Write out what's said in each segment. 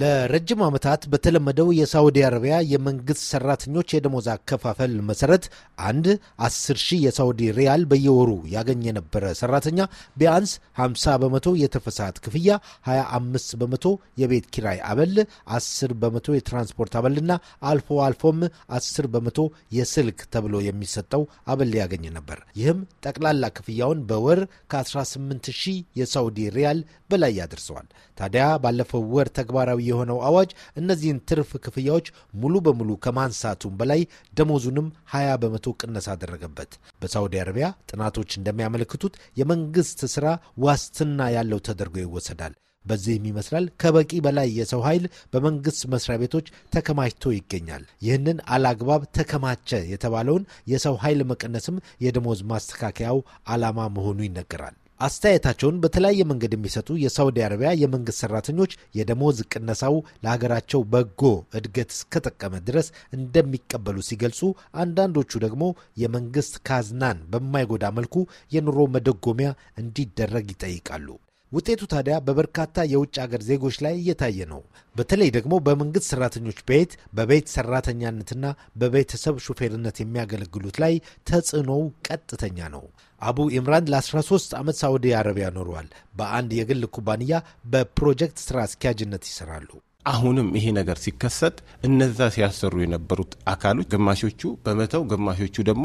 ለረጅም ዓመታት በተለመደው የሳዑዲ አረቢያ የመንግሥት ሠራተኞች የደሞዝ አከፋፈል መሠረት አንድ 10 ሺህ የሳዑዲ ሪያል በየወሩ ያገኝ የነበረ ሠራተኛ ቢያንስ 50 በመቶ የተፈሳት ክፍያ፣ 25 በመቶ የቤት ኪራይ አበል፣ 10 በመቶ የትራንስፖርት አበልና አልፎ አልፎም 10 በመቶ የስልክ ተብሎ የሚሰጠው አበል ያገኝ ነበር። ይህም ጠቅላላ ክፍያውን በወር ከ18 ሺህ የሳዑዲ ሪያል በላይ ያደርሰዋል። ታዲያ ባለፈው ወር ተግባራዊ የሆነው አዋጅ እነዚህን ትርፍ ክፍያዎች ሙሉ በሙሉ ከማንሳቱም በላይ ደሞዙንም 20 በመቶ ቅነስ አደረገበት። በሳውዲ አረቢያ ጥናቶች እንደሚያመለክቱት የመንግስት ስራ ዋስትና ያለው ተደርጎ ይወሰዳል። በዚህም ይመስላል ከበቂ በላይ የሰው ኃይል በመንግስት መስሪያ ቤቶች ተከማችቶ ይገኛል። ይህንን አላግባብ ተከማቸ የተባለውን የሰው ኃይል መቀነስም የደሞዝ ማስተካከያው ዓላማ መሆኑ ይነገራል። አስተያየታቸውን በተለያየ መንገድ የሚሰጡ የሳውዲ አረቢያ የመንግስት ሰራተኞች የደሞዝ ቅነሳው ለሀገራቸው በጎ እድገት እስከጠቀመ ድረስ እንደሚቀበሉ ሲገልጹ፣ አንዳንዶቹ ደግሞ የመንግስት ካዝናን በማይጎዳ መልኩ የኑሮ መደጎሚያ እንዲደረግ ይጠይቃሉ። ውጤቱ ታዲያ በበርካታ የውጭ ሀገር ዜጎች ላይ እየታየ ነው። በተለይ ደግሞ በመንግስት ሰራተኞች ቤት በቤት ሰራተኛነትና በቤተሰብ ሹፌርነት የሚያገለግሉት ላይ ተጽዕኖው ቀጥተኛ ነው። አቡ ኢምራን ለ13 ዓመት ሳዑዲ አረቢያ ኖረዋል። በአንድ የግል ኩባንያ በፕሮጀክት ስራ አስኪያጅነት ይሰራሉ። አሁንም ይሄ ነገር ሲከሰት እነዛ ሲያሰሩ የነበሩት አካሎች ግማሾቹ በመተው ግማሾቹ ደግሞ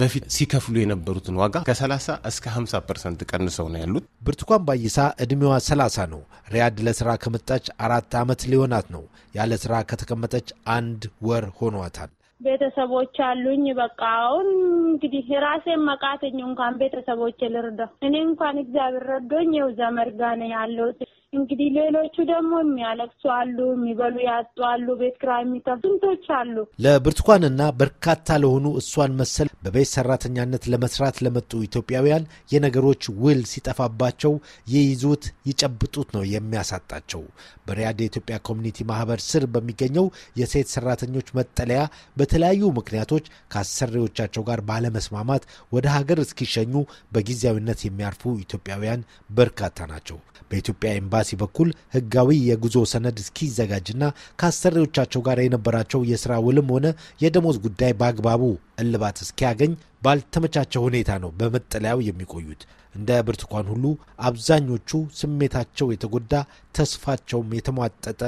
በፊት ሲከፍሉ የነበሩትን ዋጋ ከ30 እስከ 50 ፐርሰንት ቀንሰው ነው ያሉት። ብርቱካን ባይሳ እድሜዋ 30 ነው። ሪያድ ለስራ ከመጣች አራት ዓመት ሊሆናት ነው። ያለ ስራ ከተቀመጠች አንድ ወር ሆኗታል። ቤተሰቦች አሉኝ። በቃ አሁን እንግዲህ ራሴን መቃተኝ እንኳን ቤተሰቦች ልርዳ እኔ እንኳን እግዚአብሔር ረዶኝ ይኸው ዘመድ ጋ ነው ያለሁት እንግዲህ ሌሎቹ ደግሞ የሚያለቅሱ አሉ፣ የሚበሉ ያጡ አሉ፣ ቤት ኪራይ የሚከፍሉ ስንቶች አሉ። ለብርቱካንና በርካታ ለሆኑ እሷን መሰል በቤት ሰራተኛነት ለመስራት ለመጡ ኢትዮጵያውያን የነገሮች ውል ሲጠፋባቸው ይይዙት ይጨብጡት ነው የሚያሳጣቸው። በሪያድ የኢትዮጵያ ኮሚኒቲ ማህበር ስር በሚገኘው የሴት ሰራተኞች መጠለያ በተለያዩ ምክንያቶች ከአሰሪዎቻቸው ጋር ባለመስማማት ወደ ሀገር እስኪሸኙ በጊዜያዊነት የሚያርፉ ኢትዮጵያውያን በርካታ ናቸው። በኢትዮጵያ ኤምባሲ በኩል ህጋዊ የጉዞ ሰነድ እስኪዘጋጅና ከአሰሪዎቻቸው ጋር የነበራቸው የስራ ውልም ሆነ የደሞዝ ጉዳይ በአግባቡ እልባት እስኪያገኝ ባልተመቻቸው ሁኔታ ነው በመጠለያው የሚቆዩት። እንደ ብርቱካን ሁሉ አብዛኞቹ ስሜታቸው የተጎዳ ተስፋቸውም የተሟጠጠ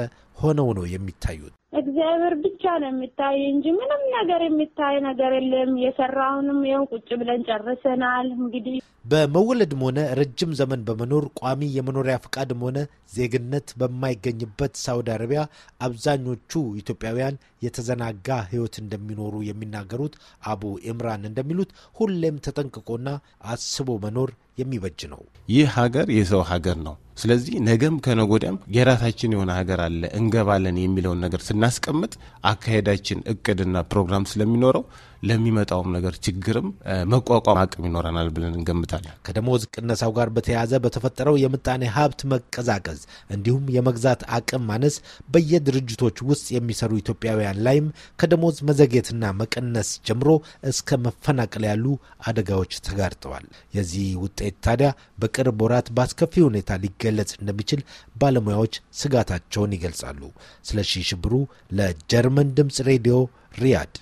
ሆነው ነው የሚታዩት። እግዚአብሔር ብቻ ነው የሚታይ እንጂ ምንም ነገር የሚታይ ነገር የለም። የሰራውንም ይኸው ቁጭ ብለን ጨርሰናል። እንግዲህ በመወለድም ሆነ ረጅም ዘመን በመኖር ቋሚ የመኖሪያ ፈቃድም ሆነ ዜግነት በማይገኝበት ሳውዲ አረቢያ አብዛኞቹ ኢትዮጵያውያን የተዘናጋ ሕይወት እንደሚኖሩ የሚናገሩት አቡ ኢምራን እንደሚሉት ሁሌም ተጠንቅቆና አስቦ መኖር የሚበጅ ነው። ይህ ሀገር የሰው ሀገር ነው። ስለዚህ ነገም ከነጎዳም የራሳችን የሆነ ሀገር አለ እንገባለን የሚለውን ነገር ስናስቀምጥ አካሄዳችን እቅድና ፕሮግራም ስለሚኖረው ለሚመጣውም ነገር ችግርም መቋቋም አቅም ይኖረናል ብለን እንገምታለን። ከደሞዝ ቅነሳው ጋር በተያያዘ በተፈጠረው የምጣኔ ሀብት መቀዛቀዝ እንዲሁም የመግዛት አቅም ማነስ በየድርጅቶች ውስጥ የሚሰሩ ኢትዮጵያውያን ላይም ከደሞዝ መዘግየትና መቀነስ ጀምሮ እስከ መፈናቀል ያሉ አደጋዎች ተጋርጠዋል። የዚህ ውጤት ታዲያ በቅርብ ወራት በአስከፊ ሁኔታ ሊገለጽ እንደሚችል ባለሙያዎች ስጋታቸውን ይገልጻሉ። ስለሺ ሽብሩ ለጀርመን ድምፅ ሬዲዮ ሪያድ